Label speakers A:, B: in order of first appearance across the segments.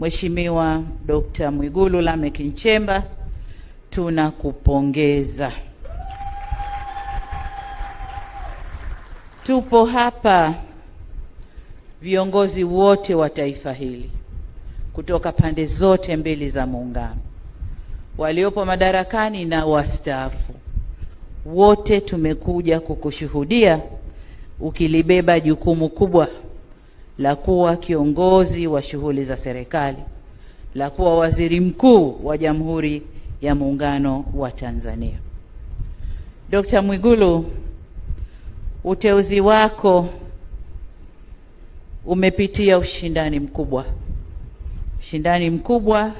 A: Mheshimiwa Dkt. Mwigulu Lameck Nchemba, tunakupongeza. Tupo hapa viongozi wote wa taifa hili kutoka pande zote mbili za Muungano, waliopo madarakani na wastaafu, wote tumekuja kukushuhudia ukilibeba jukumu kubwa la kuwa kiongozi wa shughuli za serikali, la kuwa waziri mkuu wa Jamhuri ya Muungano wa Tanzania. Dkt. Mwigulu, uteuzi wako umepitia ushindani mkubwa, ushindani mkubwa,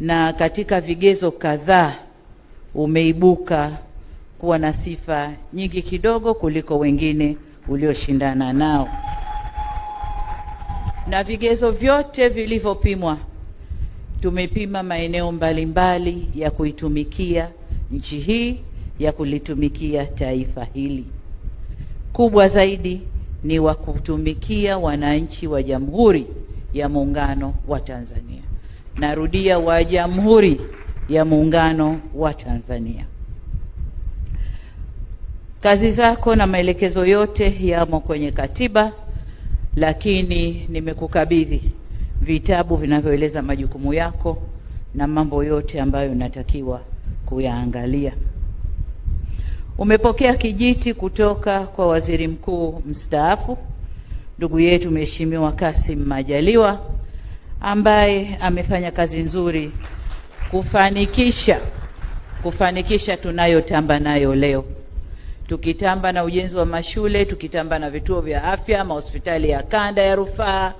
A: na katika vigezo kadhaa umeibuka kuwa na sifa nyingi kidogo kuliko wengine ulioshindana nao na vigezo vyote vilivyopimwa. Tumepima maeneo mbalimbali ya kuitumikia nchi hii, ya kulitumikia taifa hili. Kubwa zaidi ni wa kutumikia wananchi wa Jamhuri ya Muungano wa Tanzania. Narudia, wa Jamhuri ya Muungano wa Tanzania. Kazi zako na maelekezo yote yamo kwenye katiba lakini nimekukabidhi vitabu vinavyoeleza majukumu yako na mambo yote ambayo unatakiwa kuyaangalia. Umepokea kijiti kutoka kwa Waziri Mkuu mstaafu ndugu yetu Mheshimiwa Kassim Majaliwa ambaye amefanya kazi nzuri kufanikisha kufanikisha tunayotamba nayo leo tukitamba na ujenzi wa mashule, tukitamba na vituo vya afya, mahospitali ya kanda ya rufaa,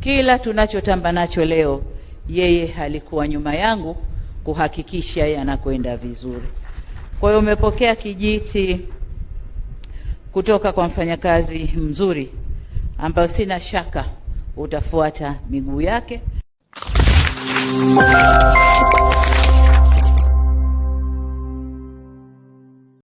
A: kila tunachotamba nacho leo, yeye alikuwa nyuma yangu kuhakikisha yanakwenda vizuri. Kwa hiyo umepokea kijiti kutoka kwa mfanyakazi mzuri ambayo sina shaka utafuata miguu yake.